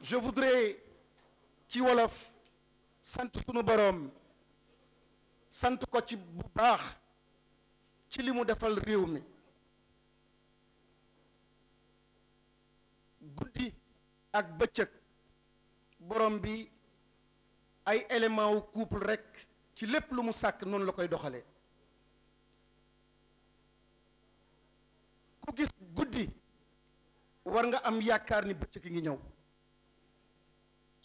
je voudrais ci wolof sant sunu boroom sant ko ci bu baax ci li mu defal réew mi guddi ak bëccëg borom bi ay élément wu couple rekk ci lépp lu mu sàkk noonu la koy doxale ku gis guddi war nga am yaakaar ni bëccëg ngi ñëw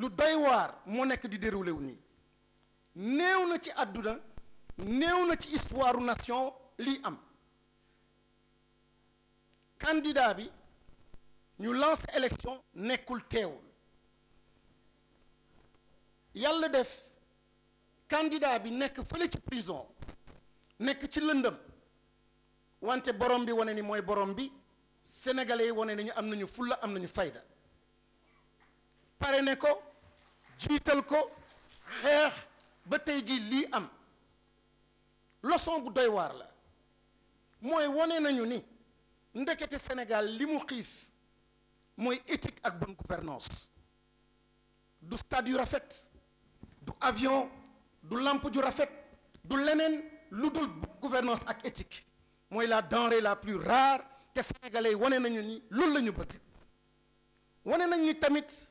lu doy déroulé wu nii na ci aduna ci histoire nation li am candidat bi ñu lance élection nekul téwul yalla def candidat bi nek ci prison nek ci lendeum wante borom bi ni moy borom sénégalais yi nañu am nañu fulla am nañu fayda Paré ne jiital ko xex ba tey ji lii am leçon bu doy war la moy woné nañu ni ndekete Sénégal limu xif moy éthique ak bonne gouvernance du stade yu rafet du avion du lampe du rafet du lenen lu gouvernance ak éthique moy la denrée la plus rare te sénégalais woné nañu ni lool lañu ñu bëgg wane nañu tamit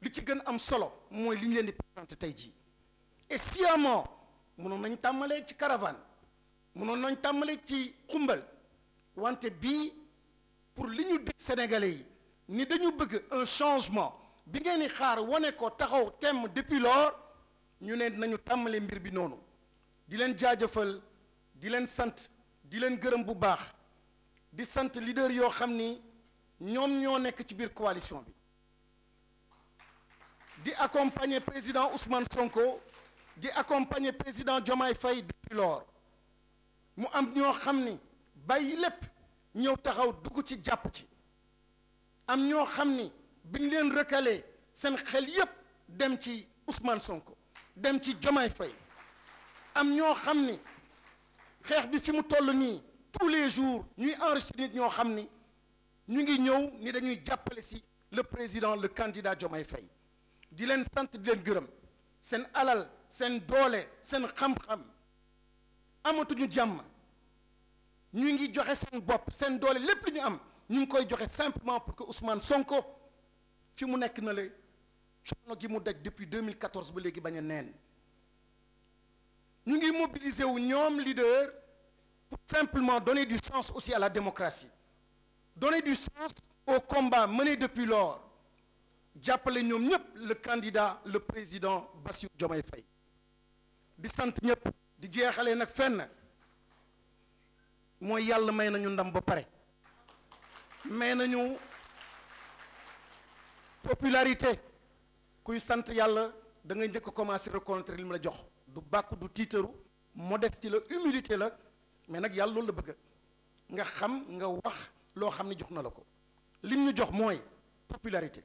li ci gën am solo moy li ñu leen di présenté tey jii et sciemment mënoon nañ tamalé ci caravane mënoon nañ tamalé ci xumbal wante bi pour liñu ñu sénégalais yi ni dañu bëgg un changement bi ngeen ni xaar woné ko taxaw temm depuis lors ñu né nañu tamalé mbir bi nonu di leen jaajëfal di leen sant di leen gërëm bu baax di sante leader yo xamni ñom ñoo nekk ci biir coalition bi di accompagner président Ousmane Sonko di accompagner président Diomaye Faye depuis lors mu am ñoo xam ni bàyyi lépp ñëw taxaw dugg ci jàpp ci am ñoo xam ni biñ leen recalé seen xel yépp dem ci Ousmane Sonko dem ci Diomaye Faye am ñoo xamni xex bi fi mu toll ni tous les jours ñuy enregistrer nit ñoo xam ñu ngi ñëw ni dañuy jappalé ci le président le candidat Diomaye Faye di len sante di len gërëm sen alal sen doole sen xam-xam ñu jàmm ñu ngi joxe sen bop sen doole lepp lu ñu am ñu ngi koy joxe simplement pour que Ousmane Sonko fi mu nekk na le gi mu depuis 2014 ba léegi mobilisé neen ñu ngi mobiliser wu ñom leader pour simplement donner du sens aussi à la démocratie donner du sens au combat mené depuis lors J'appelle nous le candidat le président Bassiou Diomaye Faye di sante ñep di jéxalé nak fenn mooy yalla may nañu ndam ba paré may nañu popularité kuy sante yalla da nga ñëk commencé reconnaître lim la jox du candidat, du modestie la humilité la mais nak yalla loolu bëgg nga xam nga wax lo xamni lim ñu jox popularité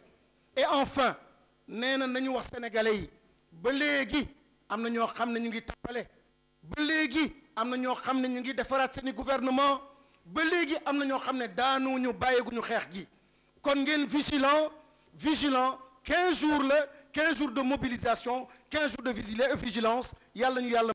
et enfin nous, avons wax sénégalais nous ba léegi am ñoo xam ñu ngi nous ba léegi ñoo ñu ngi gouvernement ba léegi am na ñoo xam ne daanuñu bàyyiguñu xeex gi kon ngeen vigilant vigilant quinze jours 15 jours de mobilisation 15 jours de vigilance Yalla, ñu yàlla